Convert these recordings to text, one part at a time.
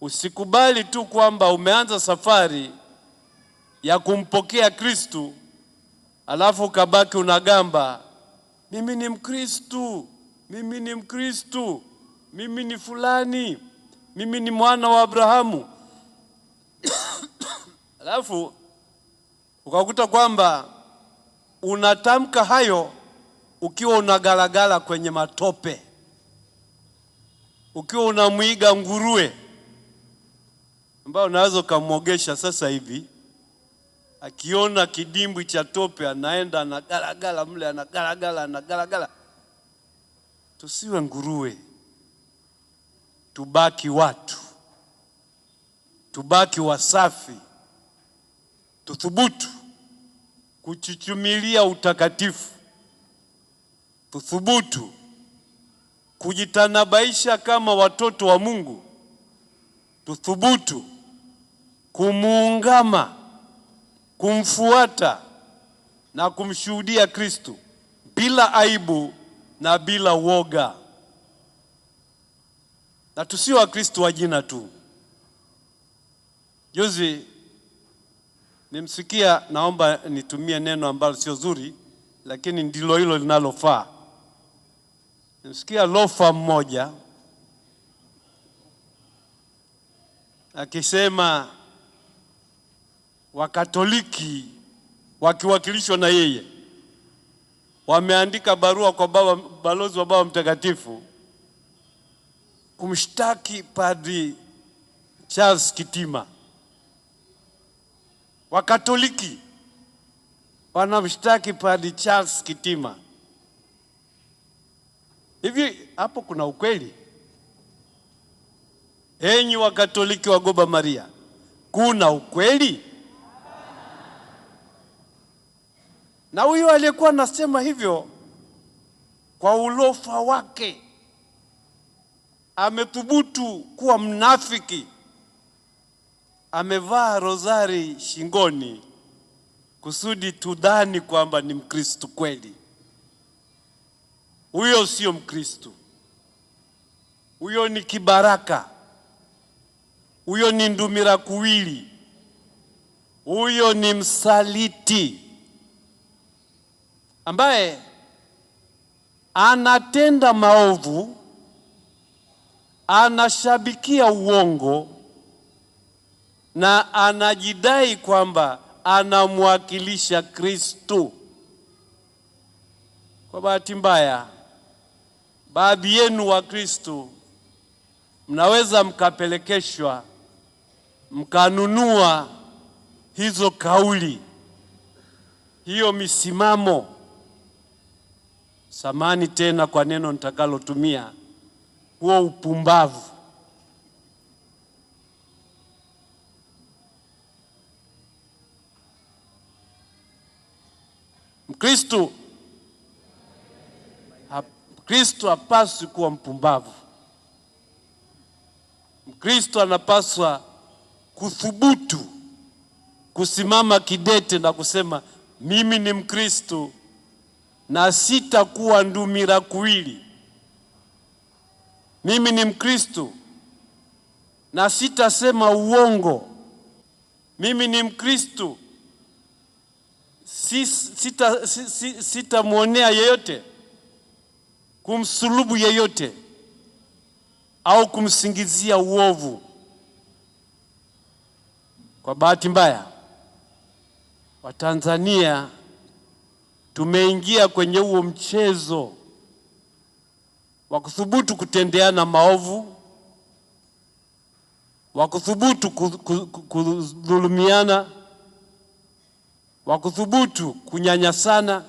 Usikubali tu kwamba umeanza safari ya kumpokea Kristu alafu ukabaki unagamba mimi ni Mkristu, mimi ni Mkristu, mimi ni fulani, mimi ni mwana wa Abrahamu alafu ukakuta kwamba unatamka hayo ukiwa unagalagala kwenye matope, ukiwa unamwiga nguruwe ambayo unaweza ukamwogesha sasa hivi, akiona kidimbwi cha tope anaenda anagalagala mle, anagalagala anagalagala. Tusiwe nguruwe, tubaki watu, tubaki wasafi, tuthubutu kuchuchumilia utakatifu, tuthubutu kujitanabaisha kama watoto wa Mungu, tuthubutu kumuungama, kumfuata na kumshuhudia Kristo bila aibu na bila woga. Na tusio Wakristo wa jina tu. Juzi nimsikia, naomba nitumie neno ambalo sio zuri, lakini ndilo hilo linalofaa. Nimsikia lofa mmoja akisema Wakatoliki wakiwakilishwa na yeye wameandika barua kwa baba, balozi wa Baba Mtakatifu kumshtaki Padri Charles Kitima. Wakatoliki wanamshtaki Padri Charles Kitima. Hivi hapo kuna ukweli? Enyi Wakatoliki wa Goba Maria, kuna ukweli? Na huyu aliyekuwa anasema hivyo kwa ulofa wake amethubutu kuwa mnafiki. Amevaa rozari shingoni kusudi tudhani kwamba ni Mkristu kweli. Huyo sio Mkristu, huyo ni kibaraka, huyo ni ndumira kuwili, huyo ni msaliti ambaye anatenda maovu, anashabikia uongo na anajidai kwamba anamwakilisha Kristo. Kwa bahati mbaya, baadhi yenu wa Kristo mnaweza mkapelekeshwa mkanunua hizo kauli, hiyo misimamo samani tena kwa neno nitakalotumia, huo upumbavu Mkristo Kristo hapaswi kuwa mpumbavu. Mkristo anapaswa kuthubutu kusimama kidete na kusema mimi ni Mkristo, na sitakuwa ndumira kuwili. Mimi ni Mkristo na sitasema uongo. Mimi ni Mkristo sitamwonea sita, sita yeyote kumsulubu yeyote au kumsingizia uovu. Kwa bahati mbaya Watanzania Tumeingia kwenye huo mchezo wa kuthubutu kutendeana maovu, wa kuthubutu kudhulumiana, wa kuthubutu kunyanyasana,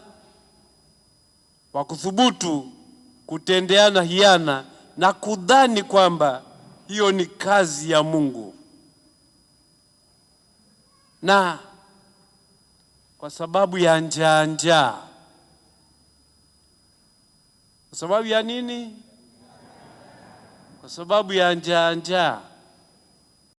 wa kuthubutu kutendeana hiana na kudhani kwamba hiyo ni kazi ya Mungu na kwa sababu ya njaa njaa. Kwa sababu ya nini? Kwa sababu ya njaa njaa.